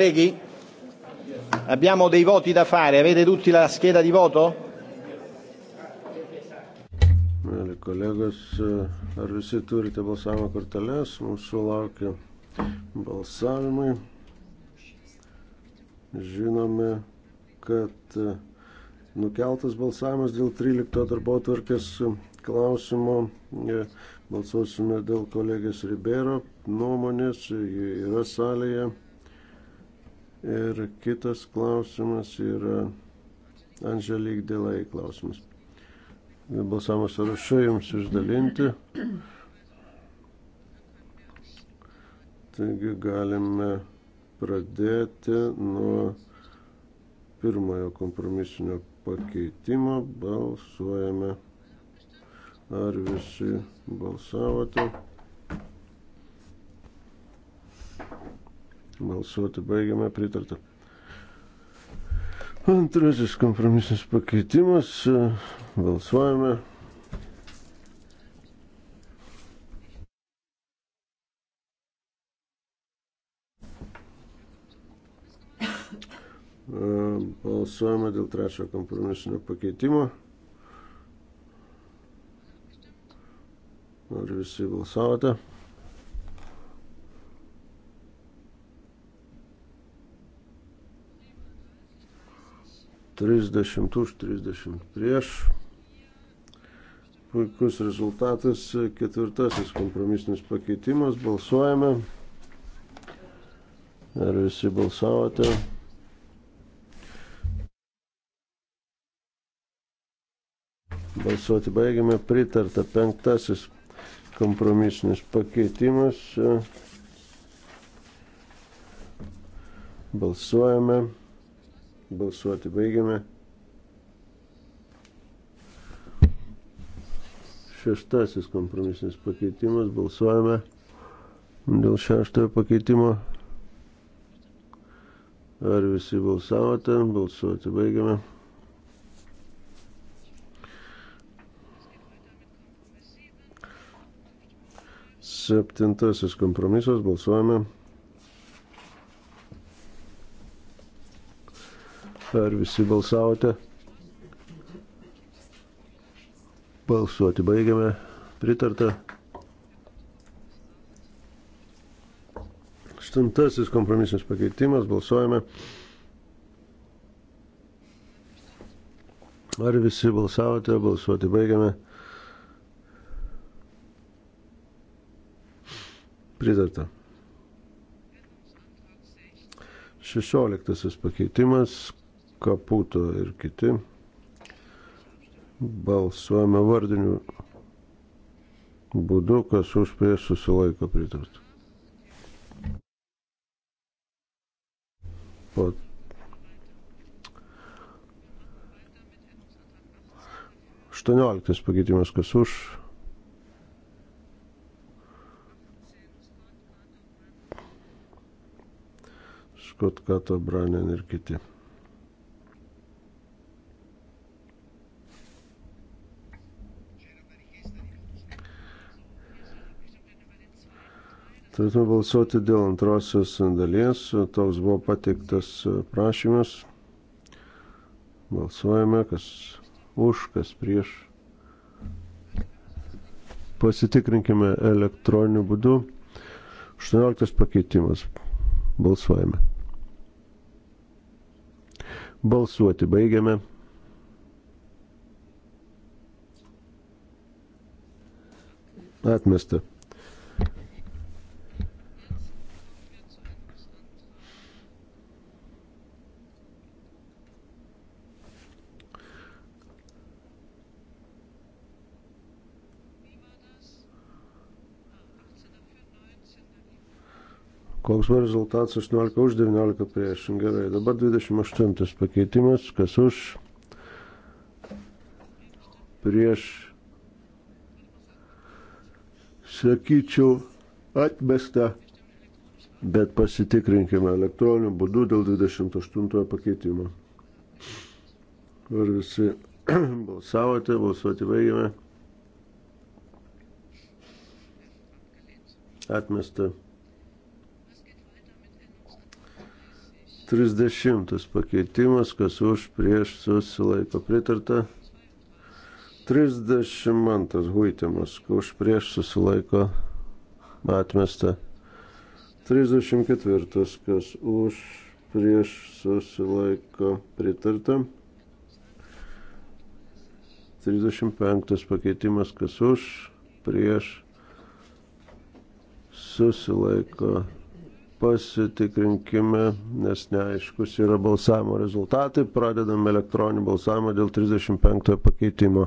Colleghi, abbiamo dei voti da fare. Avete tutti la scheda di voto? Mėly kolegos, ar visi turite balsavimo korteles? Mūsų laukia balsavimai. Žinome, kad nukeltas balsavimas dėl 13 darbo tvarkės klausimo. Balsuosime dėl kolegės Ribero nuomonės. Ji yra salėje. Ir kitas klausimas yra Anželik Dilai klausimas. Balsavimo sąrašai jums išdalinti. Taigi galime pradėti nuo pirmojo kompromisinio pakeitimo. Balsuojame. Ar visi balsavote? Balsuoti baigiame, pritarta. Antrasis kompromisinis pakeitimas. Balsuojame. Balsuojame dėl trečio kompromisinio pakeitimo. Ar visi balsavote? 30 už 30 prieš. Puikus rezultatas. Ketvirtasis kompromisinis pakeitimas. Balsuojame. Ar visi balsavote? Balsuoti baigiame. Pritarta penktasis kompromisinis pakeitimas. Balsuojame. Balsuoti baigiame. Šeštasis kompromisinis pakeitimas. Balsuojame dėl šeštojo pakeitimo. Ar visi balsavote? Balsuoti baigiame. Septintasis kompromisas. Balsuojame. Ar visi balsavote? Balsuoti baigiame. Pritarta. Aštuntasis kompromisinis pakeitimas. Balsuojame. Ar visi balsavote? Balsuoti baigiame. Pritarta. 16 pakeitimas, Kaputo ir kiti. Balsuojame vardiniu būdu, kas už prieš susilaiko pritarta. Po Aštuonioliktas pakeitimas, kas už, Škotkato, Branen ir kiti. Turėtume balsuoti dėl antrosios dalies. Toks buvo pateiktas prašymas. Balsuojame, kas už, kas prieš. Pasitikrinkime elektroniniu būdu. 18 pakeitimas. Balsuojame. Balsuoti baigiame. Atmesta. Koks buvo rezultatas 18 už 19 prieš. Gerai, dabar 28 pakeitimas, kas už prieš. Sakyčiau, atmesta, bet pasitikrinkime elektroniniu būdu dėl 28 pakeitimo. Ar visi balsavote, balsuoti baigėme. Atmesta. 30 pakeitimas, kas už prieš susilaiko pritarta. 32 huitimas, už prieš susilaiko atmesta. 34, kas už prieš susilaiko pritarta. 35 pakeitimas, kas už prieš susilaiko pritarta pasitikrinkime, nes neaiškus yra balsavimo rezultatai. Pradedam elektroninį balsavimą dėl 35 pakeitimo.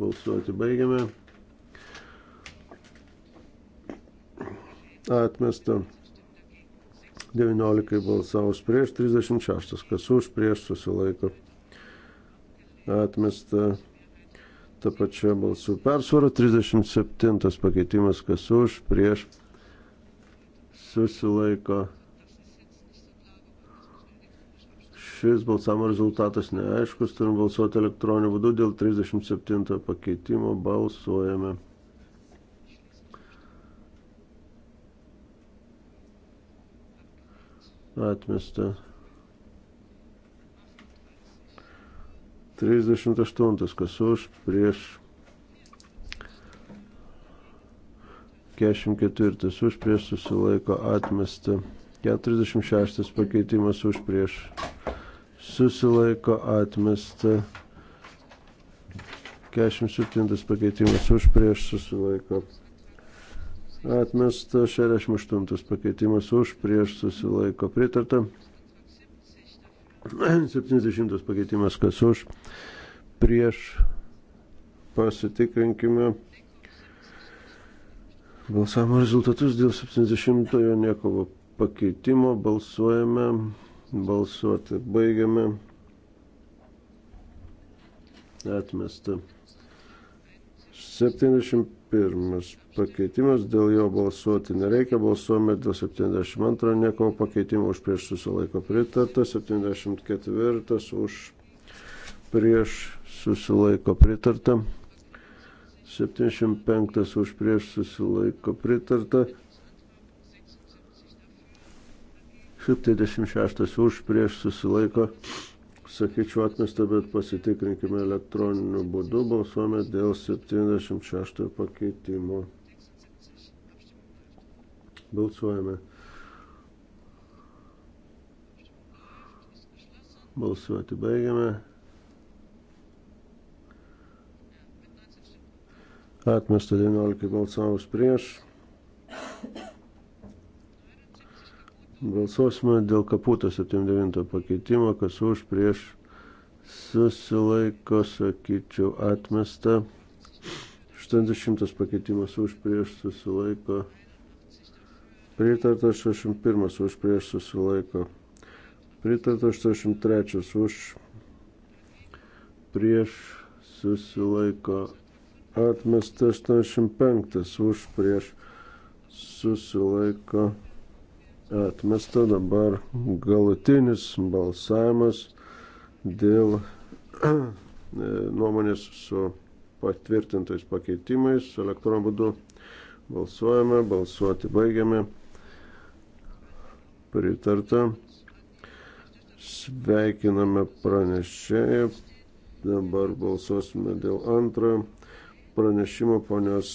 Balsuoti baigiame. Atmesta. 19 balsavus prieš, 36 kas už, prieš susilaiko. Atmesta tą pačią balsų persvarą. 37 pakeitimas, kas už, prieš, susilaiko. Šis balsavimo rezultatas neaiškus, turim balsuoti elektroniniu būdu, dėl 37 pakeitimo balsuojame. Atmesta. 38. Kas už, prieš. 44. Už, prieš susilaiko atmesta. 46. Pakeitimas už, prieš. Susilaiko atmesta. 47. Pakeitimas už, prieš susilaiko. Atmesta 68 pakeitimas už prieš susilaiko pritarta. 70 pakeitimas kas už, prieš pasitikrinkime balsavimo rezultatus dėl 70-ojo niekovo pakeitimo. Balsuojame, balsuoti baigiame. Atmesta. 71 Pirmas pakeitimas, dėl jo balsuoti nereikia, balsuojame dėl 72 nieko pakeitimo už prieš susilaiko pritarta, 74 už prieš susilaiko pritarta, 75 už prieš susilaiko pritarta, 76 už prieš susilaiko pritarta sakyčiau, atmesta, bet pasitikrinkime elektroniniu būdu. Balsuojame dėl 76 pakeitimo. Balsuojame. Balsuoti baigiame. Atmesta 19 balsavus prieš. Balsuosime dėl kaputo 79 pakeitimo, kas už prieš susilaiko, sakyčiau, atmesta. 80 pakeitimas už prieš susilaiko. Pritarta 61 už prieš susilaiko. Pritarta 83 už prieš susilaiko. Atmesta 85 už prieš susilaiko atmesta dabar galutinis balsavimas dėl e, nuomonės su patvirtintais pakeitimais. Elektroniniu būdu balsuojame, balsuoti baigiame. Pritarta. Sveikiname pranešėją. Dabar balsuosime dėl antrojo pranešimo ponios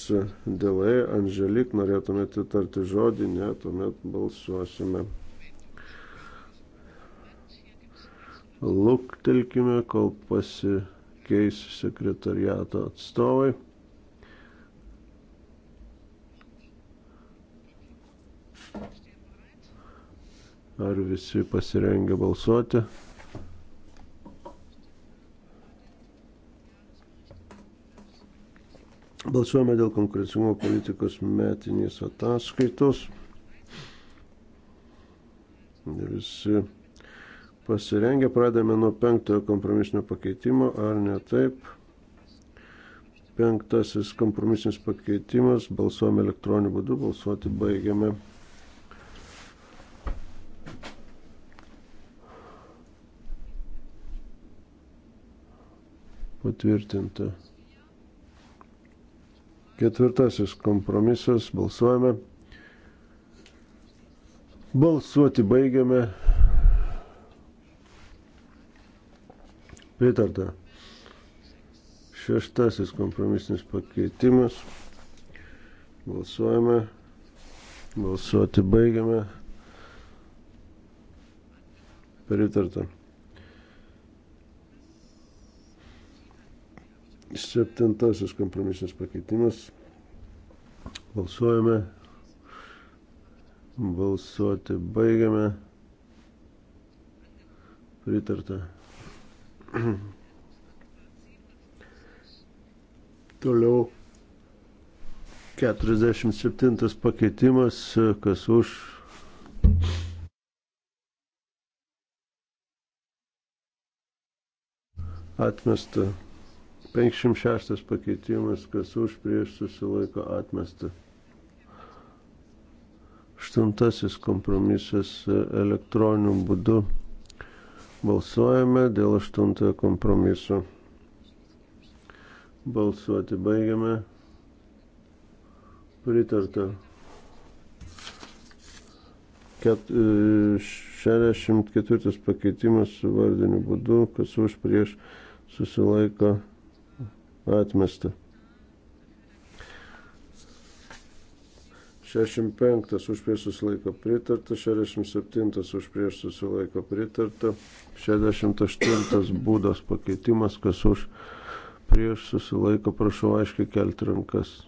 Dėlai, Anželik, norėtumėte tarti žodį, ne, tuomet balsuosime. Luktelkime, kol pasikeis sekretariato atstovai. Ar visi pasirengę balsuoti? Balsuojame dėl konkurencingumo politikos metinės ataskaitos. Visi pasirengę, pradame nuo penktojo kompromisinio pakeitimo, ar ne taip. Penktasis kompromisinis pakeitimas, balsuojame elektroniniu būdu, balsuoti baigiame. Patvirtinta. Ketvirtasis kompromisas. Balsuojame. Balsuoti baigiame. Pritarta. Šeštasis kompromisinis pakeitimas. Balsuojame. Balsuoti baigiame. Pritarta. Septintasis kompromisinis pakeitimas. Balsuojame. Balsuoti baigiame. Pritarta. Toliau 47 pakeitimas, kas už. Atmesta 56 pakeitimas, kas už prieš susilaiko atmesta. Aštuntasis kompromisas e, elektroniniu būdu. Balsuojame dėl aštuntojo kompromiso. Balsuoti baigiame. Pritarta. 64 e, pakeitimas su vardiniu būdu, kas už prieš susilaiko atmesta atmesta. 65 už prieš susilaiko pritarta, 67 už prieš susilaiko pritarta, 68 būdas pakeitimas, kas už prieš susilaiko, prašau aiškiai kelti rankas.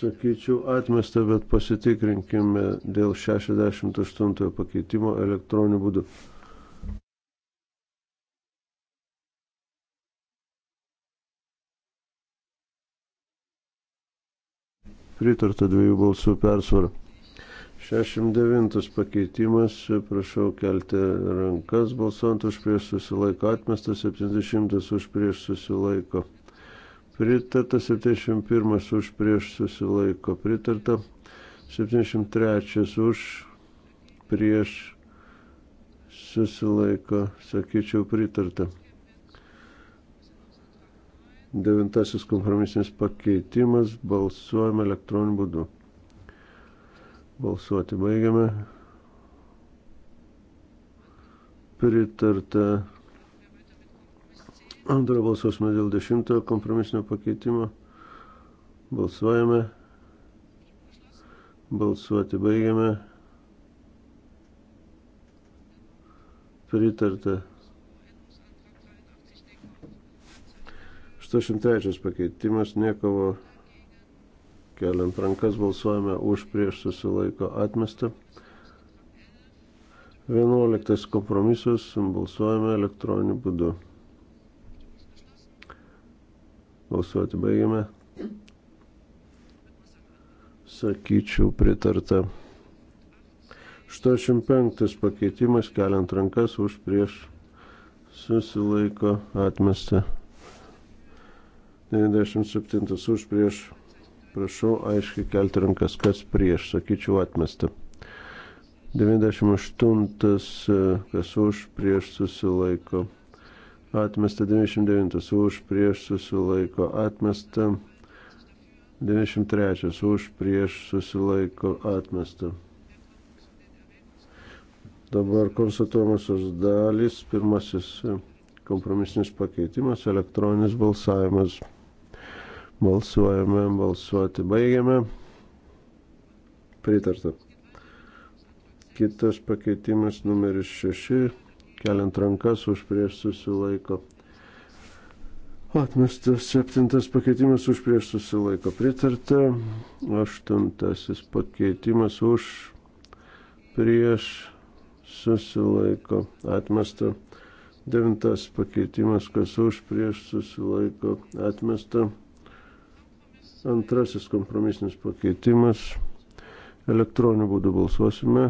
Sakyčiau, atmesta, bet pasitikrinkime dėl 68 pakeitimo elektroniniu būdu. pritarta dviejų balsų persvara. 69 pakeitimas, prašau kelti rankas, balsuojant už prieš susilaiko atmestas, 70 už prieš susilaiko pritarta, 71 už prieš susilaiko pritarta, 73 už prieš susilaiko, sakyčiau, pritarta. Devintasis kompromisinis pakeitimas. Balsuojame elektroniniu būdu. Balsuoti baigiame. Pritarta. Antrą balsuosime dėl dešimtojo kompromisinio pakeitimo. Balsuojame. Balsuoti baigiame. Pritarta. 103 pakeitimas Niekovo keliant rankas balsuojame už prieš susilaiko atmestą. 11 kompromisas balsuojame elektroniniu būdu. Balsuoti baigiame. Sakyčiau pritarta. 85 pakeitimas keliant rankas už prieš susilaiko atmestą. 97 už prieš. Prašau aiškiai kelti rankas, kas prieš, sakyčiau, atmesta. 98 kas už prieš susilaiko. Atmesta 99 už prieš susilaiko. Atmesta 93 už prieš susilaiko. Atmesta. Dabar konstatuojamosios dalys, pirmasis kompromisinis pakeitimas, elektroninis balsavimas. Balsuojame, balsuoti baigiame. Pritarta. Kitas pakeitimas numeris 6. Keliant rankas už prieš susilaiko. Atmestas septintas pakeitimas už prieš susilaiko pritarta. Aštuntasis pakeitimas už prieš susilaiko atmesta. Devintas pakeitimas, kas už prieš susilaiko atmesta. Antrasis kompromisinis pakeitimas. Elektroniniu būdu balsuosime.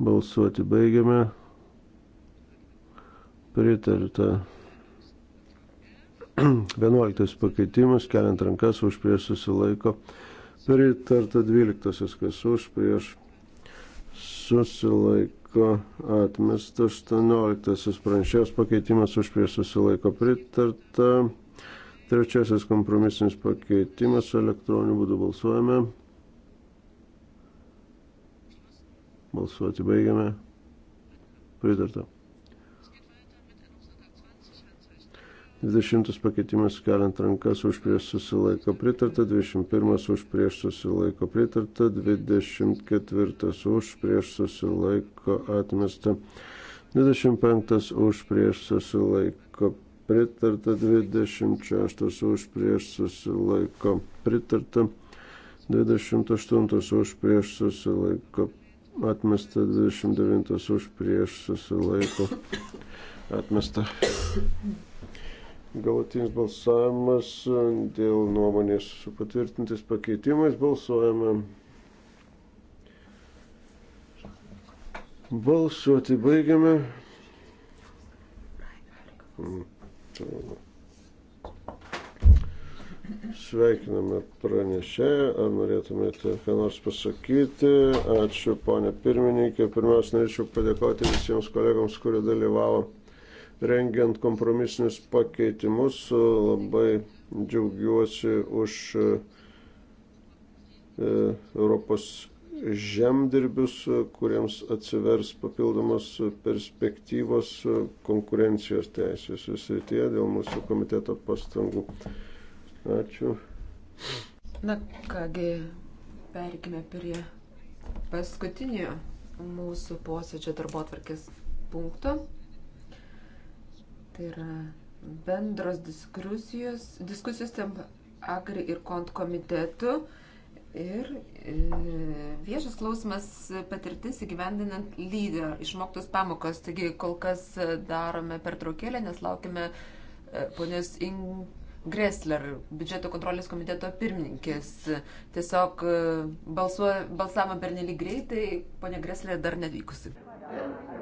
Balsuoti baigiame. Pritarta. 11 pakeitimas, keliant rankas už prieš susilaiko. Pritarta 12, kas už prieš susilaiko susilaiko atmesta, 18 pranešėjos pakeitimas už prieš susilaiko pritarta, trečiasis kompromisinis pakeitimas elektroniniu būdu balsuojame. Balsuoti baigiame. Pritarta. 20 pakeitimas keliant rankas už prieš susilaiko pritarta, 21 už prieš susilaiko pritarta, 24 už prieš susilaiko atmesta, 25 už prieš susilaiko pritarta, 26 už prieš susilaiko pritarta, 28 už prieš susilaiko atmesta, 29 už prieš susilaiko atmesta. Galutinis balsavimas dėl nuomonės su patvirtintais pakeitimais balsuojame. Balsuoti baigiame. Sveikiname pranešėją. Ar norėtumėte ką nors pasakyti? Ačiū, ponė pirmininkė. Pirmiausia, norėčiau padėkoti visiems kolegams, kurie dalyvavo rengiant kompromisinius pakeitimus. Labai džiaugiuosi už e, Europos žemdirbius, kuriems atsivers papildomos perspektyvos konkurencijos teisės srityje dėl mūsų komiteto pastangų. Ačiū. Na kągi, perikime prie paskutinio mūsų posėdžio darbo atvarkės punkto. Tai yra bendros diskusijos, diskusijos tam agri ir kont komitetu ir e, viešas klausimas patirtis įgyvendinant lyderą, išmoktos pamokos. Taigi kol kas darome pertraukėlę, nes laukime e, ponios Gressler, biudžeto kontrolės komiteto pirmininkės. Tiesiog e, balsuo, balsavimą bernelį greitai, ponia Gressler dar nevykusi. Yeah.